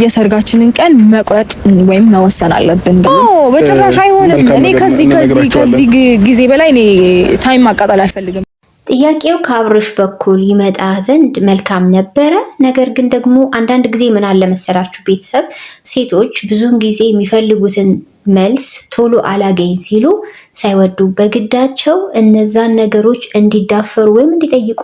የሰርጋችንን ቀን መቁረጥ ወይም መወሰን አለብን። በጭራሽ አይሆንም። እኔ ከዚህ ከዚህ ከዚህ ጊዜ በላይ እኔ ታይም ማቃጠል አልፈልግም። ጥያቄው ከአብርሽ በኩል ይመጣ ዘንድ መልካም ነበረ። ነገር ግን ደግሞ አንዳንድ ጊዜ ምን አለ መሰላችሁ ቤተሰብ ሴቶች ብዙውን ጊዜ የሚፈልጉትን መልስ ቶሎ አላገኝ ሲሉ ሳይወዱ በግዳቸው እነዛን ነገሮች እንዲዳፈሩ ወይም እንዲጠይቁ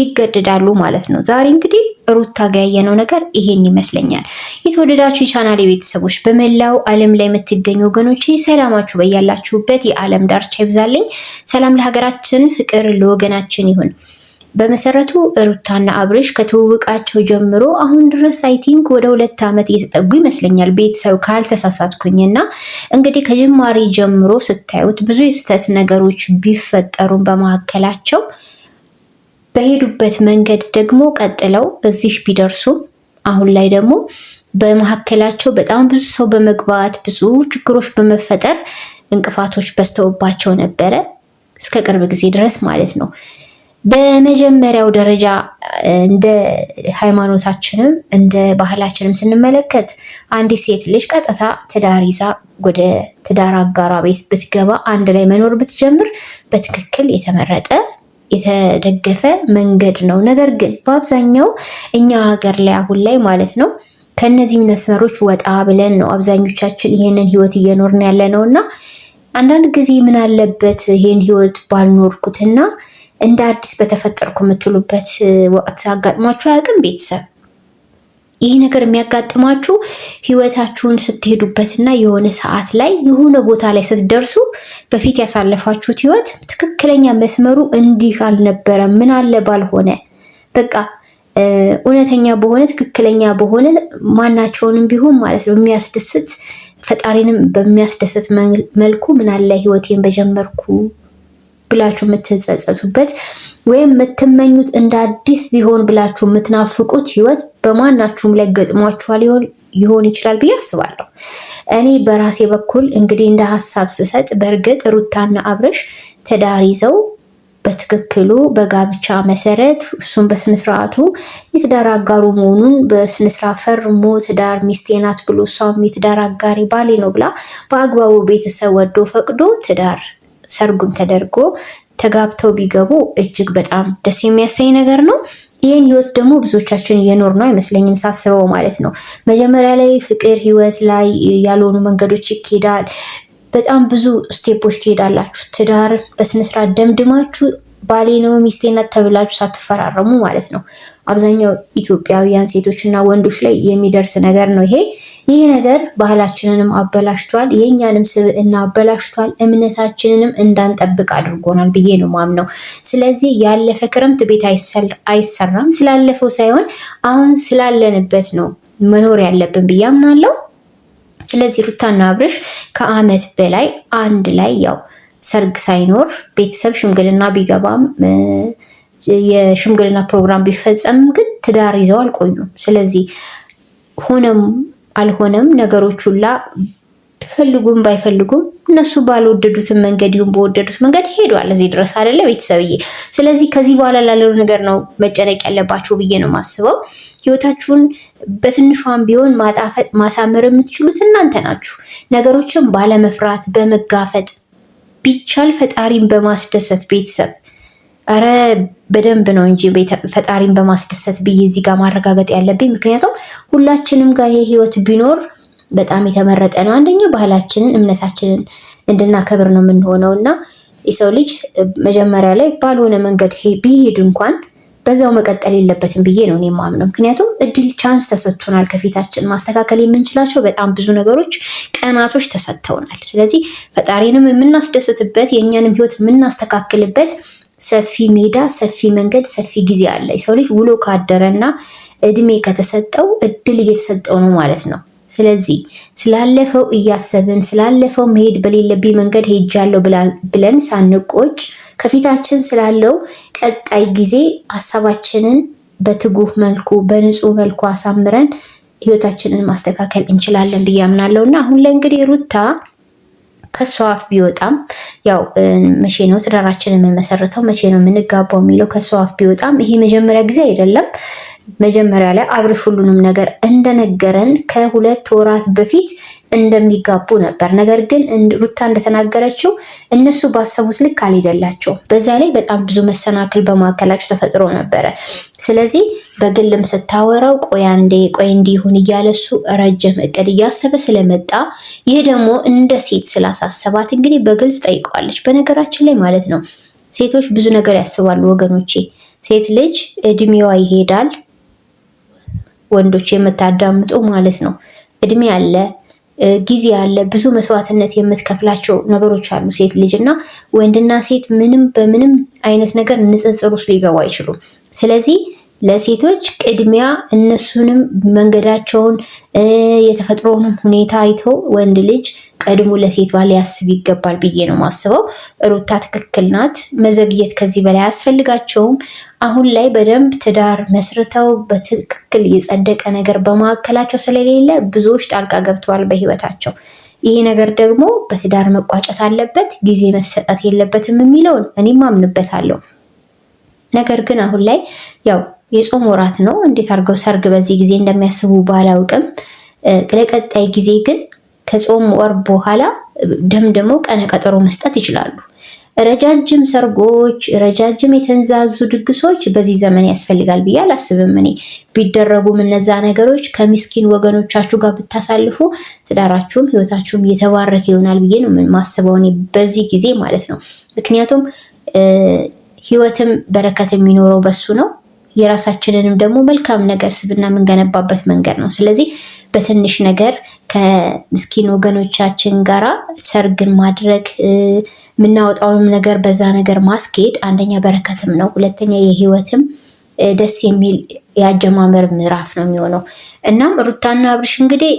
ይገደዳሉ ማለት ነው። ዛሬ እንግዲህ ሩታ ጋር ያየነው ነገር ይሄን ይመስለኛል። የተወደዳችሁ የቻናል ቤተሰቦች፣ በመላው ዓለም ላይ የምትገኙ ወገኖች ሰላማችሁ በያላችሁበት የዓለም ዳርቻ ይብዛልኝ። ሰላም ለሀገራችን፣ ፍቅር ለወገናችን ይሁን። በመሰረቱ ሩታና አብርሽ ከትውውቃቸው ጀምሮ አሁን ድረስ አይ ቲንክ ወደ ሁለት ዓመት እየተጠጉ ይመስለኛል ቤተሰብ እና እንግዲህ ከጅማሬ ጀምሮ ስታዩት ብዙ የስህተት ነገሮች ቢፈጠሩም በመካከላቸው በሄዱበት መንገድ ደግሞ ቀጥለው እዚህ ቢደርሱም አሁን ላይ ደግሞ በመካከላቸው በጣም ብዙ ሰው በመግባት ብዙ ችግሮች በመፈጠር እንቅፋቶች በስተውባቸው ነበረ እስከ ቅርብ ጊዜ ድረስ ማለት ነው። በመጀመሪያው ደረጃ እንደ ሃይማኖታችንም እንደ ባህላችንም ስንመለከት አንዲት ሴት ልጅ ቀጥታ ትዳር ይዛ ወደ ትዳር አጋሯ ቤት ብትገባ አንድ ላይ መኖር ብትጀምር በትክክል የተመረጠ የተደገፈ መንገድ ነው። ነገር ግን በአብዛኛው እኛ ሀገር ላይ አሁን ላይ ማለት ነው ከነዚህ መስመሮች ወጣ ብለን ነው አብዛኞቻችን ይሄንን ህይወት እየኖርን ያለ ነው እና አንዳንድ ጊዜ ምን አለበት ይሄን ህይወት ባልኖርኩትና እንደ አዲስ በተፈጠርኩ የምትሉበት ወቅት አጋጥሟችሁ አያውቅም? ቤተሰብ ይህ ነገር የሚያጋጥማችሁ ህይወታችሁን እና የሆነ ሰዓት ላይ የሆነ ቦታ ላይ ስትደርሱ በፊት ያሳለፋችሁት ህይወት ትክክለኛ መስመሩ እንዲህ አልነበረም፣ ምን አለ ባልሆነ በቃ እውነተኛ በሆነ ትክክለኛ በሆነ ማናቸውንም ቢሆን ማለት ነው የሚያስደስት ፈጣሪንም በሚያስደስት መልኩ ምን አለ ህይወቴን በጀመርኩ ብላችሁ የምትጸጸቱበት ወይም የምትመኙት እንደ አዲስ ቢሆን ብላችሁ የምትናፍቁት ህይወት በማናችሁም ላይ ገጥሟችኋል ሊሆን ይችላል ብዬ አስባለሁ። እኔ በራሴ በኩል እንግዲህ እንደ ሀሳብ ስሰጥ በእርግጥ ሩታና አብረሽ ትዳር ይዘው በትክክሉ በጋብቻ መሰረት እሱም በስነስርዓቱ የትዳር አጋሩ መሆኑን በስነስርዓት ፈርሞ ትዳር ሚስቴ ናት ብሎ እሷም የትዳር አጋሪ ባሌ ነው ብላ በአግባቡ ቤተሰብ ወዶ ፈቅዶ ትዳር ሰርጉም ተደርጎ ተጋብተው ቢገቡ እጅግ በጣም ደስ የሚያሰኝ ነገር ነው። ይህን ህይወት ደግሞ ብዙዎቻችን እየኖር ነው አይመስለኝም ሳስበው ማለት ነው። መጀመሪያ ላይ ፍቅር ህይወት ላይ ያልሆኑ መንገዶች ይኬዳል። በጣም ብዙ ስቴፖች ትሄዳላችሁ። ትዳር በስነስርዓት ደምድማችሁ ባሌ ነው ሚስቴ ናት ተብላችሁ ሳትፈራረሙ ማለት ነው። አብዛኛው ኢትዮጵያውያን ሴቶች እና ወንዶች ላይ የሚደርስ ነገር ነው ይሄ። ይህ ነገር ባህላችንንም አበላሽቷል፣ የእኛንም ስብዕና አበላሽቷል፣ እምነታችንንም እንዳንጠብቅ አድርጎናል ብዬ ነው ማምነው። ስለዚህ ያለፈ ክረምት ቤት አይሰራም። ስላለፈው ሳይሆን አሁን ስላለንበት ነው መኖር ያለብን ብዬ አምናለሁ። ስለዚህ ሩታና አብርሽ ከአመት በላይ አንድ ላይ ያው ሰርግ ሳይኖር ቤተሰብ ሽምግልና ቢገባም የሽምግልና ፕሮግራም ቢፈጸምም ግን ትዳር ይዘው አልቆዩም። ስለዚህ ሆነም አልሆነም ነገሮች ሁላ ፈልጉም ባይፈልጉም እነሱ ባልወደዱትን መንገድ ይሁን በወደዱት መንገድ ሄዷል። እዚህ ድረስ አይደለ ቤተሰብዬ? ስለዚህ ከዚህ በኋላ ላለው ነገር ነው መጨነቅ ያለባቸው ብዬ ነው የማስበው። ህይወታችሁን በትንሿም ቢሆን ማጣፈጥ ማሳመር የምትችሉት እናንተ ናችሁ። ነገሮችን ባለመፍራት በመጋፈጥ ቢቻል ፈጣሪን በማስደሰት ቤተሰብ ኧረ በደንብ ነው እንጂ ፈጣሪን በማስደሰት ብዬ እዚህ ጋር ማረጋገጥ ያለብኝ። ምክንያቱም ሁላችንም ጋር ይሄ ህይወት ቢኖር በጣም የተመረጠ ነው። አንደኛ ባህላችንን እምነታችንን እንድናከብር ነው የምንሆነው እና የሰው ልጅ መጀመሪያ ላይ ባልሆነ መንገድ ቢሄድ እንኳን በዛው መቀጠል የለበትም ብዬ ነው እኔ የማምነው። ምክንያቱም እድል ቻንስ ተሰጥቶናል። ከፊታችን ማስተካከል የምንችላቸው በጣም ብዙ ነገሮች፣ ቀናቶች ተሰጥተውናል። ስለዚህ ፈጣሪንም የምናስደስትበት የእኛንም ህይወት የምናስተካክልበት ሰፊ ሜዳ፣ ሰፊ መንገድ፣ ሰፊ ጊዜ አለ። የሰው ልጅ ውሎ ካደረና እድሜ ከተሰጠው እድል እየተሰጠው ነው ማለት ነው። ስለዚህ ስላለፈው እያሰብን ስላለፈው መሄድ በሌለብኝ መንገድ ሄጃለሁ ብለን ሳንቆጭ ከፊታችን ስላለው ቀጣይ ጊዜ ሀሳባችንን በትጉህ መልኩ በንጹህ መልኩ አሳምረን ህይወታችንን ማስተካከል እንችላለን ብዬ አምናለሁ እና አሁን ላይ እንግዲህ ሩታ ከሷ አፍ ቢወጣም ያው መቼ ነው ትዳራችን የምንመሰረተው መቼ ነው የምንጋባው የሚለው ከሷ አፍ ቢወጣም ይሄ መጀመሪያ ጊዜ አይደለም። መጀመሪያ ላይ አብርሽ ሁሉንም ነገር እንደነገረን ከሁለት ወራት በፊት እንደሚጋቡ ነበር። ነገር ግን ሩታ እንደተናገረችው እነሱ ባሰቡት ልክ አልሄደላቸውም። በዛ ላይ በጣም ብዙ መሰናክል በማከላቸው ተፈጥሮ ነበረ። ስለዚህ በግልም ስታወራው ቆይ አንዴ ቆይ እንዲሁን እያለ እሱ ረጅም እቅድ እያሰበ ስለመጣ ይህ ደግሞ እንደ ሴት ስላሳሰባት እንግዲህ በግልጽ ጠይቀዋለች። በነገራችን ላይ ማለት ነው ሴቶች ብዙ ነገር ያስባሉ ወገኖቼ። ሴት ልጅ እድሜዋ ይሄዳል ወንዶች የምታዳምጡ ማለት ነው። እድሜ አለ፣ ጊዜ አለ፣ ብዙ መስዋዕትነት የምትከፍላቸው ነገሮች አሉ። ሴት ልጅ እና ወንድና ሴት ምንም በምንም አይነት ነገር ንጽጽር ውስጥ ሊገቡ አይችሉም። ስለዚህ ለሴቶች ቅድሚያ እነሱንም መንገዳቸውን የተፈጥሮንም ሁኔታ አይተው ወንድ ልጅ ቀድሞ ለሴቷ ያስብ ይገባል ብዬ ነው ማስበው ሩታ ትክክል ናት። መዘግየት ከዚህ በላይ አያስፈልጋቸውም። አሁን ላይ በደንብ ትዳር መስርተው በትክክል የጸደቀ ነገር በመካከላቸው ስለሌለ ብዙዎች ጣልቃ ገብተዋል በህይወታቸው። ይሄ ነገር ደግሞ በትዳር መቋጨት አለበት፣ ጊዜ መሰጠት የለበትም የሚለውን እኔም አምንበታለሁ። ነገር ግን አሁን ላይ ያው የጾም ወራት ነው። እንዴት አድርገው ሰርግ በዚህ ጊዜ እንደሚያስቡ ባላውቅም ለቀጣይ ጊዜ ግን ከጾም ወር በኋላ ደም ቀነ ቀጠሮ መስጠት ይችላሉ። ረጃጅም ሰርጎች፣ ረጃጅም የተንዛዙ ድግሶች በዚህ ዘመን ያስፈልጋል ብዬ አላስብም። እኔ ቢደረጉም እነዛ ነገሮች ከሚስኪን ወገኖቻችሁ ጋር ብታሳልፉ ትዳራችሁም ህይወታችሁም እየተባረከ ይሆናል ብዬ ነው ማስበው እኔ በዚህ ጊዜ ማለት ነው። ምክንያቱም ህይወትም በረከት የሚኖረው በሱ ነው። የራሳችንንም ደግሞ መልካም ነገር ስብና የምንገነባበት መንገድ ነው። ስለዚህ በትንሽ ነገር ከምስኪን ወገኖቻችን ጋራ ሰርግን ማድረግ የምናወጣውንም ነገር በዛ ነገር ማስኬድ አንደኛ በረከትም ነው፣ ሁለተኛ የህይወትም ደስ የሚል የአጀማመር ምዕራፍ ነው የሚሆነው። እናም ሩታና አብርሽ እንግዲህ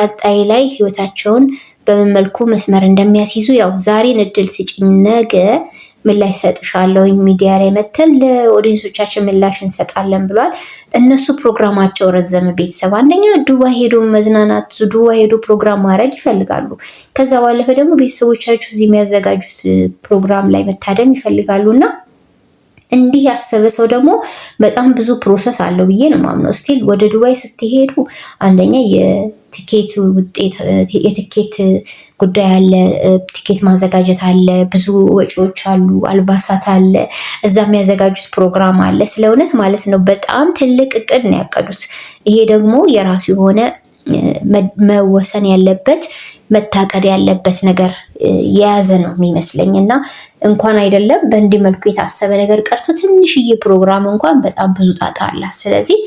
ቀጣይ ላይ ህይወታቸውን በምን መልኩ መስመር እንደሚያስይዙ ያው ዛሬን እድል ስጭኝ ነገ ምላሽ ሰጥሻለሁ ሚዲያ ላይ መተን ለኦዲንሶቻችን ምላሽ እንሰጣለን ብሏል። እነሱ ፕሮግራማቸው ረዘመ። ቤተሰብ አንደኛ ዱባ ሄዶ መዝናናት፣ ዱባ ሄዶ ፕሮግራም ማድረግ ይፈልጋሉ። ከዛ ባለፈ ደግሞ ቤተሰቦቻቸው እዚህ የሚያዘጋጁት ፕሮግራም ላይ መታደም ይፈልጋሉ እና እንዲህ ያሰበ ሰው ደግሞ በጣም ብዙ ፕሮሰስ አለው ብዬ ነው ማምነው። ስቲል ወደ ዱባይ ስትሄዱ አንደኛ ቲኬት ውጤት የትኬት ጉዳይ አለ፣ ቲኬት ማዘጋጀት አለ፣ ብዙ ወጪዎች አሉ፣ አልባሳት አለ፣ እዛ የሚያዘጋጁት ፕሮግራም አለ። ስለ እውነት ማለት ነው በጣም ትልቅ እቅድ ነው ያቀዱት። ይሄ ደግሞ የራሱ የሆነ መወሰን ያለበት መታቀድ ያለበት ነገር የያዘ ነው የሚመስለኝ እና እንኳን አይደለም በእንዲህ መልኩ የታሰበ ነገር ቀርቶ ትንሽዬ ፕሮግራም እንኳን በጣም ብዙ ጣጣ አላት። ስለዚህ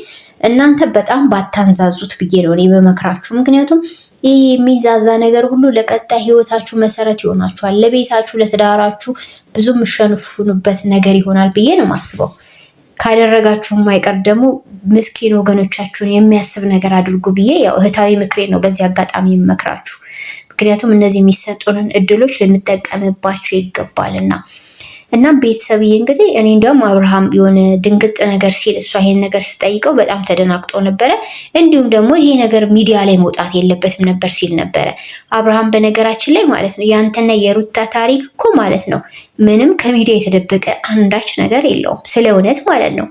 እናንተ በጣም ባታንዛዙት ብዬ ነው እኔ በመክራችሁ። ምክንያቱም ይህ የሚዛዛ ነገር ሁሉ ለቀጣይ ህይወታችሁ መሰረት ይሆናችኋል። ለቤታችሁ፣ ለትዳራችሁ ብዙ የምሸንፉንበት ነገር ይሆናል ብዬ ነው ማስበው። ካደረጋችሁም አይቀር ደግሞ ምስኪን ወገኖቻችሁን የሚያስብ ነገር አድርጉ ብዬ ያው እህታዊ ምክሬ ነው በዚህ አጋጣሚ የምመክራችሁ። ምክንያቱም እነዚህ የሚሰጡንን እድሎች ልንጠቀምባቸው ይገባልና። እና ቤተሰብዬ እንግዲህ እኔ እንዲያውም አብርሃም የሆነ ድንግጥ ነገር ሲል እሷ ይሄን ነገር ስጠይቀው በጣም ተደናግጦ ነበረ። እንዲሁም ደግሞ ይሄ ነገር ሚዲያ ላይ መውጣት የለበትም ነበር ሲል ነበረ አብርሃም። በነገራችን ላይ ማለት ነው ያንተና የሩታ ታሪክ እኮ ማለት ነው ምንም ከሚዲያ የተደበቀ አንዳች ነገር የለውም፣ ስለ እውነት ማለት ነው።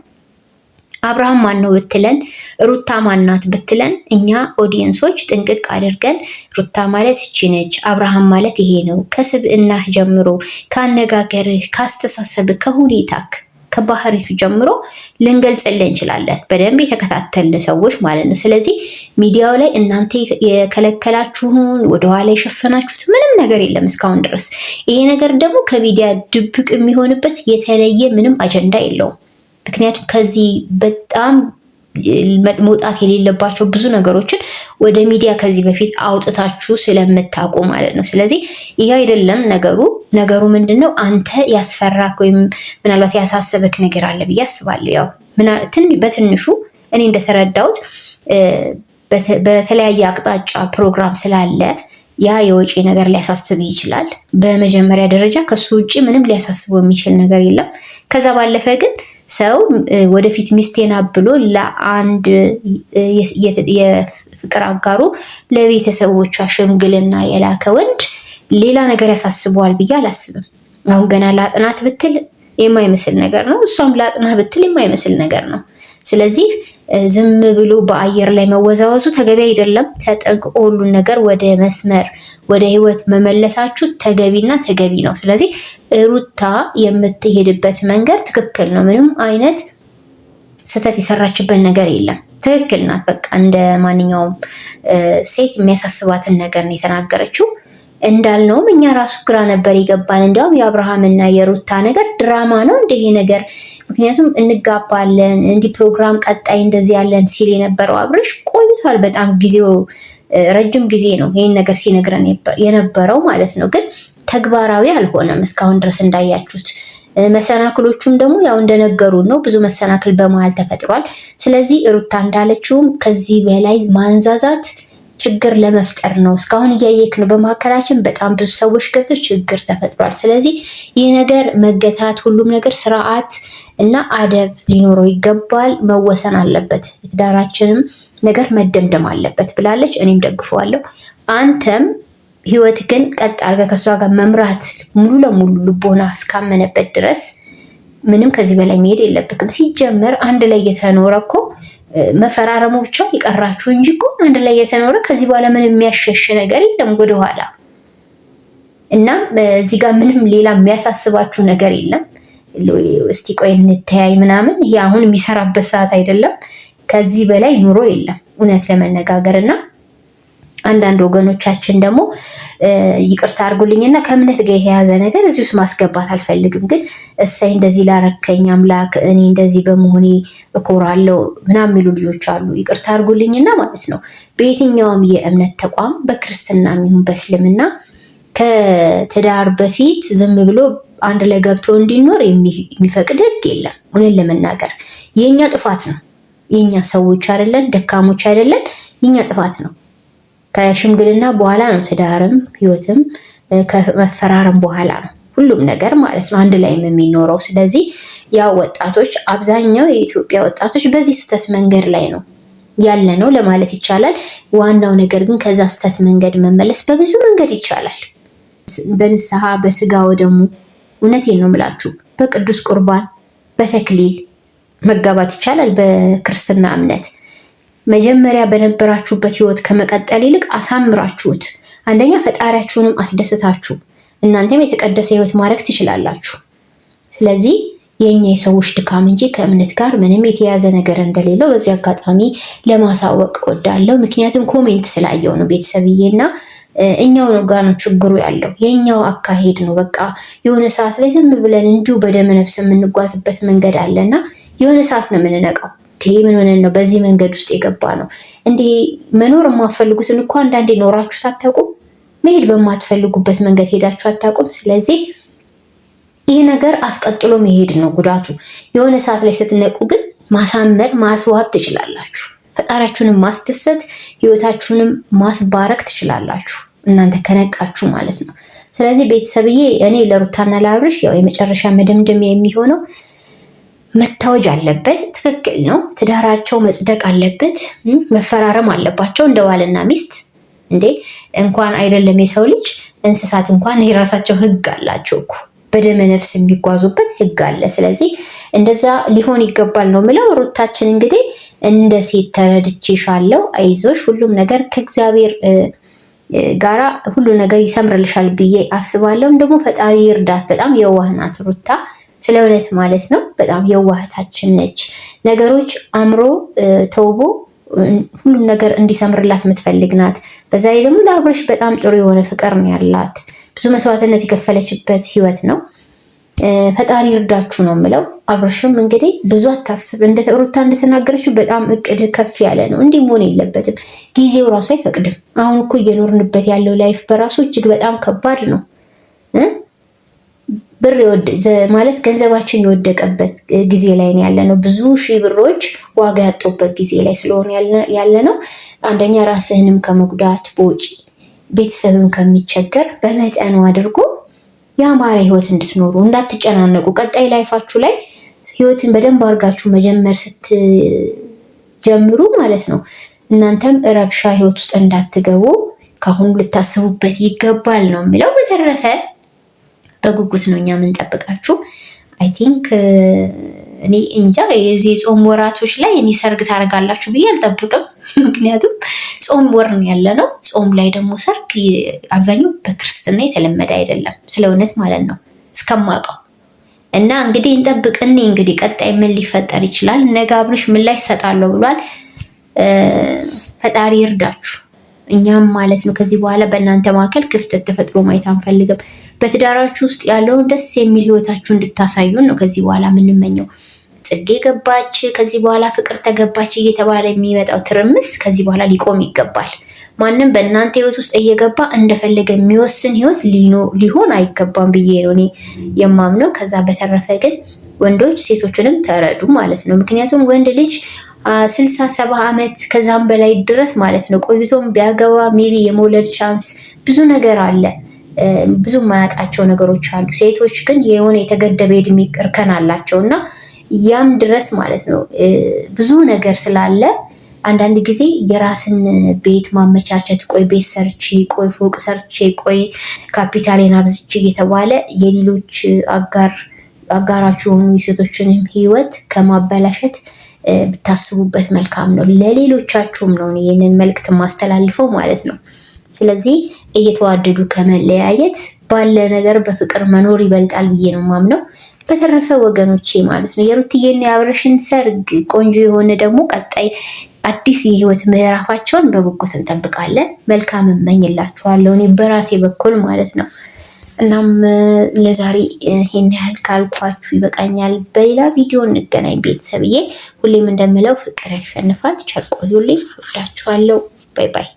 አብርሃም ማን ነው ብትለን፣ ሩታ ማናት ብትለን፣ እኛ ኦዲየንሶች ጥንቅቅ አድርገን ሩታ ማለት እቺ ነች፣ አብርሃም ማለት ይሄ ነው፣ ከስብዕናህ ጀምሮ ከአነጋገርህ፣ ካስተሳሰብህ፣ ከሁኔታክ ከባህሪቱ ጀምሮ ልንገልጽልህ እንችላለን። በደንብ የተከታተልን ሰዎች ማለት ነው። ስለዚህ ሚዲያው ላይ እናንተ የከለከላችሁን ወደኋላ የሸፈናችሁት ምንም ነገር የለም እስካሁን ድረስ። ይሄ ነገር ደግሞ ከሚዲያ ድብቅ የሚሆንበት የተለየ ምንም አጀንዳ የለውም። ምክንያቱም ከዚህ በጣም መውጣት የሌለባቸው ብዙ ነገሮችን ወደ ሚዲያ ከዚህ በፊት አውጥታችሁ ስለምታውቁ ማለት ነው። ስለዚህ ይህ አይደለም ነገሩ። ነገሩ ምንድን ነው? አንተ ያስፈራክ ወይም ምናልባት ያሳሰበክ ነገር አለ ብዬ አስባለሁ። ያው በትንሹ እኔ እንደተረዳሁት በተለያየ አቅጣጫ ፕሮግራም ስላለ ያ የወጪ ነገር ሊያሳስብ ይችላል። በመጀመሪያ ደረጃ ከሱ ውጭ ምንም ሊያሳስበው የሚችል ነገር የለም። ከዛ ባለፈ ግን ሰው ወደፊት ሚስቴና ብሎ ለአንድ የፍቅር አጋሩ ለቤተሰቦቿ ሽምግልና የላከ ወንድ ሌላ ነገር ያሳስበዋል ብዬ አላስብም። አሁን ገና ለአጥናት ብትል የማይመስል ነገር ነው። እሷም ለአጥናህ ብትል የማይመስል ነገር ነው። ስለዚህ ዝም ብሎ በአየር ላይ መወዛወዙ ተገቢ አይደለም። ተጠንቅቆ ሁሉን ነገር ወደ መስመር ወደ ህይወት መመለሳችሁ ተገቢና ተገቢ ነው። ስለዚህ ሩታ የምትሄድበት መንገድ ትክክል ነው። ምንም አይነት ስህተት የሰራችበት ነገር የለም። ትክክል ናት። በቃ እንደ ማንኛውም ሴት የሚያሳስባትን ነገር ነው የተናገረችው። እንዳልነውም እኛ ራሱ ግራ ነበር የገባን። እንዲያውም የአብርሃምና የሩታ ነገር ድራማ ነው ይሄ ነገር ምክንያቱም እንጋባለን እንዲህ ፕሮግራም ቀጣይ እንደዚህ ያለን ሲል የነበረው አብርሽ ቆይቷል። በጣም ጊዜው ረጅም ጊዜ ነው ይህን ነገር ሲነግረን የነበረው ማለት ነው። ግን ተግባራዊ አልሆነም እስካሁን ድረስ እንዳያችሁት። መሰናክሎቹም ደግሞ ያው እንደነገሩ ነው። ብዙ መሰናክል በመሀል ተፈጥሯል። ስለዚህ ሩታ እንዳለችውም ከዚህ በላይ ማንዛዛት ችግር ለመፍጠር ነው። እስካሁን እያየክ ነው። በመካከላችን በጣም ብዙ ሰዎች ገብተው ችግር ተፈጥሯል። ስለዚህ ይህ ነገር መገታት፣ ሁሉም ነገር ስርዓት እና አደብ ሊኖረው ይገባል፣ መወሰን አለበት። የትዳራችንም ነገር መደምደም አለበት ብላለች። እኔም ደግፈዋለሁ። አንተም ህይወት ግን ቀጥ አድርገህ ከእሷ ጋር መምራት ሙሉ ለሙሉ ልቦና እስካመነበት ድረስ ምንም ከዚህ በላይ መሄድ የለብክም። ሲጀመር አንድ ላይ የተኖረ እኮ መፈራረሙ ብቻ ይቀራችሁ እንጂ እኮ አንድ ላይ የተኖረ ከዚህ በኋላ ምንም የሚያሸሽ ነገር የለም ወደኋላ። እናም እዚህ ጋር ምንም ሌላ የሚያሳስባችሁ ነገር የለም። እስቲ ቆይ እንተያይ ምናምን፣ ይሄ አሁን የሚሰራበት ሰዓት አይደለም። ከዚህ በላይ ኑሮ የለም እውነት ለመነጋገር እና አንዳንድ ወገኖቻችን ደግሞ ይቅርታ አድርጉልኝና ከእምነት ጋር የተያዘ ነገር እዚህ ውስጥ ማስገባት አልፈልግም፣ ግን እሰይ እንደዚህ ላረከኝ አምላክ እኔ እንደዚህ በመሆኔ እኮራለሁ ምናምን የሚሉ ልጆች አሉ። ይቅርታ አድርጉልኝና ማለት ነው በየትኛውም የእምነት ተቋም በክርስትና ይሁን በእስልምና ከትዳር በፊት ዝም ብሎ አንድ ላይ ገብቶ እንዲኖር የሚፈቅድ ህግ የለም። እውነት ለመናገር የእኛ ጥፋት ነው። የእኛ ሰዎች አይደለን፣ ደካሞች አይደለን፣ የእኛ ጥፋት ነው። ከሽምግልና በኋላ ነው ትዳርም ህይወትም ከመፈራረም በኋላ ነው ሁሉም ነገር ማለት ነው አንድ ላይም የሚኖረው። ስለዚህ ያው ወጣቶች አብዛኛው የኢትዮጵያ ወጣቶች በዚህ ስህተት መንገድ ላይ ነው ያለ ነው ለማለት ይቻላል። ዋናው ነገር ግን ከዛ ስህተት መንገድ መመለስ በብዙ መንገድ ይቻላል። በንስሐ በስጋ ወደሙ እውነቴን ነው የምላችሁ በቅዱስ ቁርባን በተክሊል መጋባት ይቻላል በክርስትና እምነት መጀመሪያ በነበራችሁበት ህይወት ከመቀጠል ይልቅ አሳምራችሁት፣ አንደኛ ፈጣሪያችሁንም አስደስታችሁ እናንተም የተቀደሰ ህይወት ማድረግ ትችላላችሁ። ስለዚህ የእኛ የሰዎች ድካም እንጂ ከእምነት ጋር ምንም የተያዘ ነገር እንደሌለው በዚህ አጋጣሚ ለማሳወቅ እወዳለሁ። ምክንያቱም ኮሜንት ስላየው ነው ቤተሰብዬ እና እኛው ጋር ነው ችግሩ ያለው፣ የእኛው አካሄድ ነው። በቃ የሆነ ሰዓት ላይ ዝም ብለን እንዲሁ በደመነፍስ የምንጓዝበት መንገድ አለና የሆነ ሰዓት ነው የምንነቃው። እንዲህ ምን ሆነን ነው በዚህ መንገድ ውስጥ የገባ ነው? እንዴ? መኖር የማትፈልጉትን እኮ አንዳንዴ ኖራችሁት አታውቁም? መሄድ በማትፈልጉበት መንገድ ሄዳችሁ አታውቁም? ስለዚህ ይህ ነገር አስቀጥሎ መሄድ ነው ጉዳቱ። የሆነ ሰዓት ላይ ስትነቁ ግን ማሳመር፣ ማስዋብ ትችላላችሁ። ፈጣሪያችሁንም ማስደሰት፣ ህይወታችሁንም ማስባረክ ትችላላችሁ። እናንተ ከነቃችሁ ማለት ነው። ስለዚህ ቤተሰብዬ፣ እኔ ለሩታና ለአብርሽ ያው የመጨረሻ መደምደሚያ የሚሆነው መታወጅ አለበት። ትክክል ነው። ትዳራቸው መጽደቅ አለበት። መፈራረም አለባቸው እንደ ባልና ሚስት። እንዴ እንኳን አይደለም የሰው ልጅ እንስሳት እንኳን የራሳቸው ህግ አላቸው እኮ በደመ ነፍስ የሚጓዙበት ህግ አለ። ስለዚህ እንደዛ ሊሆን ይገባል ነው ምለው። ሩታችን እንግዲህ እንደ ሴት ተረድቼሻለሁ፣ አይዞሽ፣ ሁሉም ነገር ከእግዚአብሔር ጋራ ሁሉ ነገር ይሰምርልሻል ብዬ አስባለሁም ደግሞ ፈጣሪ እርዳት። በጣም የዋህ ናት ሩታ። ስለ እውነት ማለት ነው። በጣም የዋህታችን ነች። ነገሮች አምሮ ተውቦ ሁሉም ነገር እንዲሰምርላት የምትፈልግ ናት። በዛ ላይ ደግሞ ለአብርሽ በጣም ጥሩ የሆነ ፍቅር ነው ያላት። ብዙ መስዋዕትነት የከፈለችበት ህይወት ነው። ፈጣሪ እርዳችሁ ነው የምለው። አብረሽም እንግዲህ ብዙ አታስብ፣ እንደሩታ እንደተናገረችው በጣም እቅድ ከፍ ያለ ነው። እንዲህ መሆን የለበትም። ጊዜው ራሱ አይፈቅድም። አሁን እኮ እየኖርንበት ያለው ላይፍ በራሱ እጅግ በጣም ከባድ ነው። ብር ማለት ገንዘባችን የወደቀበት ጊዜ ላይ ነው ያለ ነው። ብዙ ሺህ ብሮች ዋጋ ያጡበት ጊዜ ላይ ስለሆነ ያለ ነው። አንደኛ ራስህንም ከመጉዳት በውጪ ቤተሰብም ከሚቸገር በመጠኑ አድርጎ የአማረ ህይወት እንድትኖሩ እንዳትጨናነቁ፣ ቀጣይ ላይፋችሁ ላይ ህይወትን በደንብ አድርጋችሁ መጀመር ስትጀምሩ ማለት ነው እናንተም ረብሻ ህይወት ውስጥ እንዳትገቡ ከአሁኑ ልታስቡበት ይገባል ነው የሚለው። በተረፈ በጉጉት ነው እኛ የምንጠብቃችሁ። አይ ቲንክ uh, እኔ እንጃ የዚህ የጾም ወራቶች ላይ እኔ ሰርግ ታደርጋላችሁ ብዬ አልጠብቅም። ምክንያቱም ጾም ወር ነው ያለ ነው። ጾም ላይ ደግሞ ሰርግ አብዛኛው በክርስትና የተለመደ አይደለም፣ ስለ እውነት ማለት ነው እስከማውቀው እና እንግዲህ እንጠብቅ። እኔ እንግዲህ ቀጣይ ምን ሊፈጠር ይችላል? ነገ አብርሽ ምላሽ ይሰጣለሁ ብሏል። uh, ፈጣሪ ይርዳችሁ። እኛም ማለት ነው ከዚህ በኋላ በእናንተ መካከል ክፍተት ተፈጥሮ ማየት አንፈልግም። በትዳራችሁ ውስጥ ያለውን ደስ የሚል ህይወታችሁ እንድታሳዩን ነው ከዚህ በኋላ የምንመኘው። ጽጌ ገባች፣ ከዚህ በኋላ ፍቅር ተገባች እየተባለ የሚመጣው ትርምስ ከዚህ በኋላ ሊቆም ይገባል። ማንም በእናንተ ህይወት ውስጥ እየገባ እንደፈለገ የሚወስን ህይወት ሊሆን አይገባም ብዬ ነው እኔ የማምነው። ከዛ በተረፈ ግን ወንዶች ሴቶችንም ተረዱ ማለት ነው። ምክንያቱም ወንድ ልጅ ስልሳ ሰባ ዓመት ከዛም በላይ ድረስ ማለት ነው ቆይቶም ቢያገባ ሜቢ የመውለድ ቻንስ ብዙ ነገር አለ። ብዙ የማያውቃቸው ነገሮች አሉ። ሴቶች ግን የሆነ የተገደበ እድሜ እርከን አላቸው እና ያም ድረስ ማለት ነው ብዙ ነገር ስላለ አንዳንድ ጊዜ የራስን ቤት ማመቻቸት ቆይ ቤት ሰርቼ ቆይ ፎቅ ሰርቼ ቆይ ካፒታሌን አብዝቼ እየተባለ የሌሎች አጋር አጋራችሁ የሆኑ የሴቶችንም ህይወት ከማበላሸት ብታስቡበት መልካም ነው። ለሌሎቻችሁም ነው ይህንን መልእክት ማስተላልፈው ማለት ነው። ስለዚህ እየተዋደዱ ከመለያየት ባለ ነገር በፍቅር መኖር ይበልጣል ብዬ ነው ማምነው። በተረፈ ወገኖቼ ማለት ነው የሩትዬና የአብረሽን ሰርግ ቆንጆ የሆነ ደግሞ ቀጣይ አዲስ የህይወት ምዕራፋቸውን በጉጉት እንጠብቃለን። መልካም እመኝላችኋለሁ እኔ በራሴ በኩል ማለት ነው። እናም ለዛሬ ይህን ያህል ካልኳችሁ ይበቃኛል። በሌላ ቪዲዮ እንገናኝ ቤተሰብዬ። ሁሌም እንደምለው ፍቅር ያሸንፋል። ቸር ቆዩልኝ። ወዳችኋለሁ። ባይ ባይ